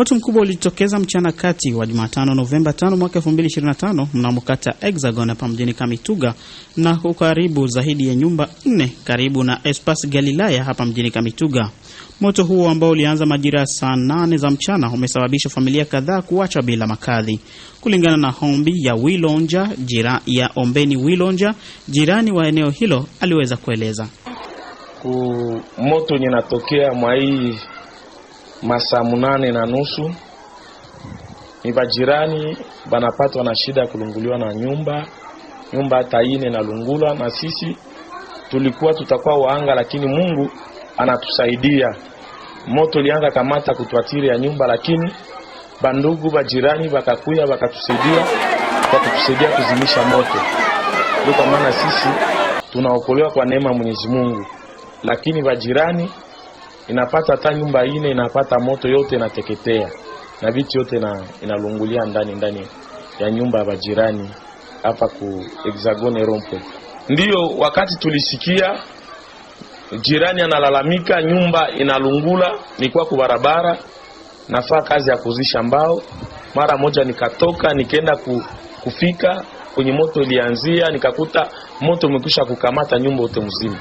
Moto mkubwa ulijitokeza mchana kati wa Jumatano Novemba 5 mwaka 2025 mnamo kata Hexagon hapa mjini Kamituga na ukaribu zaidi ya nyumba nne karibu na Espace Galilaya hapa mjini Kamituga. Moto huo ambao ulianza majira ya saa nane za mchana umesababisha familia kadhaa kuachwa bila makazi. Kulingana na hombi ya Wilonja jira, ya Ombeni Wilonja, jirani wa eneo hilo aliweza kueleza ku moto nyenatokea mwa hii masaa munane na nusu ni vajirani banapatwa na shida ya kulunguliwa na nyumba nyumba hata ine na lungula, na sisi tulikuwa tutakuwa waanga, lakini Mungu anatusaidia. Moto lianga kamata kutwatiri ya nyumba, lakini bandugu vajirani vakakuya vakatusaidia kwa kutusaidia kuzimisha moto. Ndio kwa maana sisi tunaokolewa kwa neema ya Mwenyezi Mungu, lakini vajirani inapata hata nyumba ine inapata moto, yote inateketea na vitu yote na inalungulia ndani ndani ya nyumba ya bajirani hapa ku Hexagone Rompe. Ndiyo wakati tulisikia jirani analalamika nyumba inalungula, nikuwa ku barabara, nafaa kazi ya kuzisha mbao. Mara moja nikatoka nikaenda ku, kufika kwenye moto ilianzia, nikakuta moto umekwisha kukamata nyumba yote mzima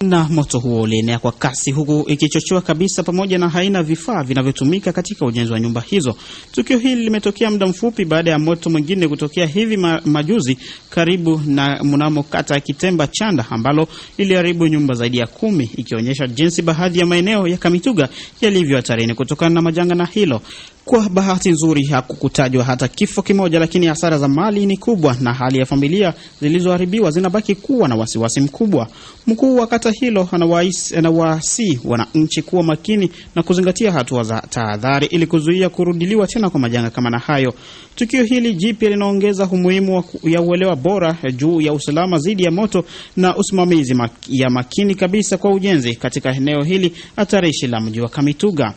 na moto huo ulienea kwa kasi huku ikichochewa kabisa pamoja na haina vifaa vinavyotumika katika ujenzi wa nyumba hizo. Tukio hili limetokea muda mfupi baada ya moto mwingine kutokea hivi ma majuzi karibu na mnamo kata ya Kitemba Chanda ambalo iliharibu nyumba zaidi ya kumi, ikionyesha jinsi baadhi ya maeneo ya Kamituga yalivyo hatarini kutokana na majanga na hilo. Kwa bahati nzuri hakukutajwa hata kifo kimoja, lakini hasara za mali ni kubwa na hali ya familia zilizoharibiwa zinabaki kuwa na wasiwasi mkubwa. Mkuu wa kata hilo anawaasi wananchi kuwa makini na kuzingatia hatua za tahadhari ili kuzuia kurudiliwa tena kwa majanga kama na hayo. Tukio hili jipya linaongeza umuhimu ya uelewa bora juu ya usalama dhidi ya moto na usimamizi ya makini kabisa kwa ujenzi katika eneo hili hatarishi la mji wa Kamituga.